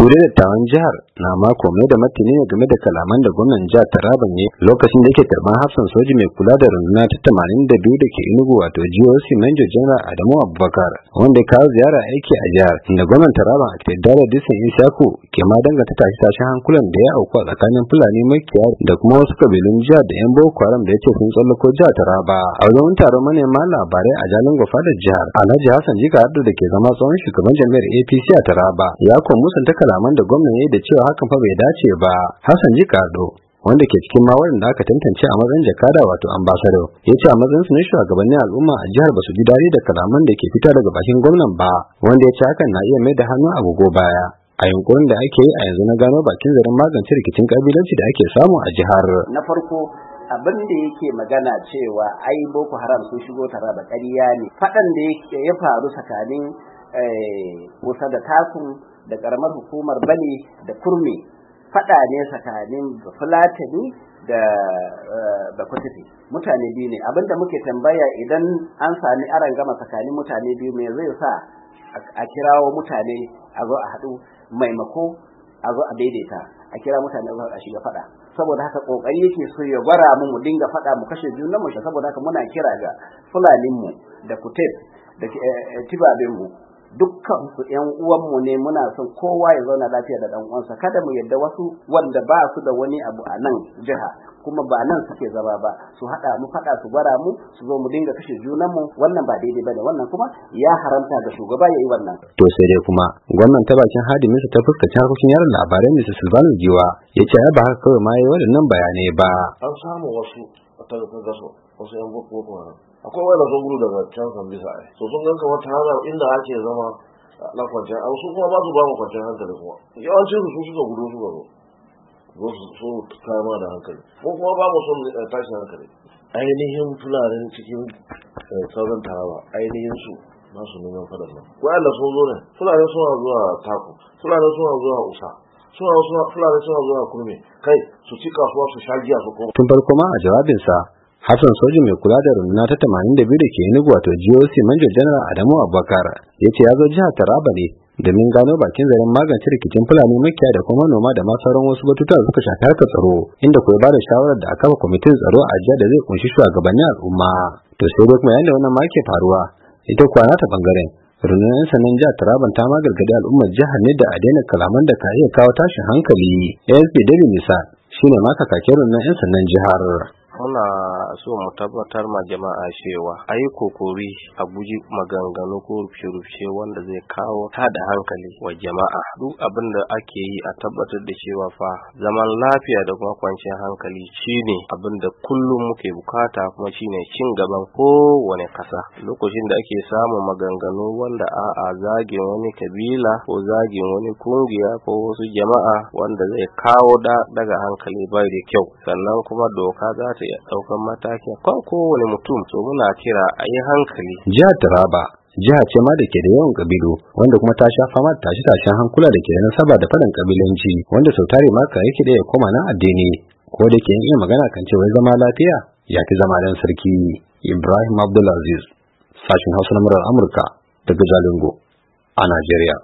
Gure da tawan jihar na mako mai da martini ne game da kalaman da gwamnan jihar taraba ne lokacin da yake karban hafsan soji mai kula da runduna ta tamanin da biyu da ke inugu wato GOC Manjo General Adamu Abubakar wanda ya kawo ziyara aiki a jihar inda gwamnan Taraban a Dara Disan Isaku ke ma danganta tashi tashi hankulan da ya auku a tsakanin Fulani makiya da kuma wasu kabilun jihar da yan Boko Haram da ya ce sun tsallako jihar Taraba a wajen taron manema labarai a Jalin Gofa da jihar Alhaji Hassan Jika Addo da ke zama tsohon shugaban jami'ar APC a Taraba ya kuma musanta kalaman da gwamnan ya yi da cewa hakan fa bai dace ba hassan jikado wanda ke cikin ma da aka tantance a matsayin jakada wato ambasado ya ce a matsayin su ne shugabannin al'umma a jihar ba su ji dare da kalaman da ke fita daga bakin gwamnan ba wanda ya ce hakan na iya mai da hannu a agogo baya a yunkurin da ake yi a yanzu na gano bakin zaren magance rikicin kabilanci da ake samu a jihar na farko abin da yake magana cewa ai boko haram sun shigo tare da ƙarya ne faɗan da ya faru tsakanin Eh, kusa da takun da karamar hukumar bane da kurmi fada ne tsakanin fulatani da eh, da kutufi mutane biyu ne abinda muke tambaya idan an sami gama tsakanin mutane biyu mai zai sa a kirawo mutane a zo a haɗu maimako a zo a daidaita a kira mutane a shiga faɗa saboda haka kokari yake so ya gwara mu mu dinga faɗa mu kashe juna mu saboda haka muna kira ga fulanin mu da kutef da eh, dukkan su ƴan uwanmu ne muna son kowa ya zauna lafiya da ɗan uwansa kada mu yadda wasu wanda ba su da wani abu a nan jiha kuma ba nan suke zama ba su haɗa mu faɗa su gwara mu su zo mu dinga kashe junan mu wannan ba daidai bane wannan kuma ya haramta ga shugaba yayi wannan to sai dai kuma gwamnan ta bakin hadiminsa ta fuskaci harkokin yaran labarai Mr. Silvano Giwa ya ce ba haka kawai ma yayi waɗannan bayanai ba an samu wasu a da gaso ko wasu yan boko kuma nan akwai wani sun gudu daga can san bisa ai to sun ganka wata hana inda ake zama na kwanciyar a su kuma ba su ba mu kwanciyar hankali kuma yawancin su suka gudu suka zo zo su ma da hankali ko kuma ba mu son eh, tashin hankali ainihin fulanin cikin eh, sauran tarawa ainihin su masu neman fadar nan wa'anda sun zo ne fulani suna zuwa taku fulani suna zuwa usa suna suna fulani suna zuwa kurme kai su ci kasuwa su sha giya su kuma. tun farko ma a jawabinsa Hassan Soji mai kula da runduna ta tamanin da biyu da ke Enugu wato GOC Manjo General Adamu Abubakar ya ce ya zo jihar Taraba ne domin gano bakin zaren magance rikicin Fulani makiya da kuma noma da ma sauran wasu batutuwa da suka shafi harkar tsaro inda kuwa ba da shawarar da aka kwamitin tsaro a jiya da zai kunshi shugabannin al'umma to sai dai kuma yanda wannan ma ke faruwa ita kwana ta bangaren rundunar sanin jihar taraban ta gargadi al'ummar jihar ne da a daina kalaman da ka iya kawo tashin hankali asp david misal shine maka kake rundunar 'yan sanan jihar muna so mu tabbatar ma jama'a cewa a yi kokori a guji maganganu ko rufe-rufe wanda zai kawo tada hankali wa jama'a duk abin da ake yi a tabbatar da cewa fa zaman lafiya da kuma kwanciyar hankali shine abin da kullum muke bukata kuma shine cin gaban kowane kasa lokacin da ake samun maganganu wanda a'a zagin wani kabila ko zagin wani kungiya ko wasu jama'a wanda zai kawo daga hankali bai da kyau sannan kuma doka za ta daukan ɗaukan matakin kan kowane mutum to muna kira a yi hankali. Jihar Taraba jiha ce ma da ke da yawan kabilu wanda kuma ta sha fama da tashi tashen hankula da ke da nasaba da faɗan kabilanci wanda sautare tare ma kan yake da ya koma na addini ko da ke yin magana kan cewa ya zama lafiya ya fi zama dan sarki Ibrahim Abdulaziz sashin Hausa na Amurka daga Jalingo a Najeriya.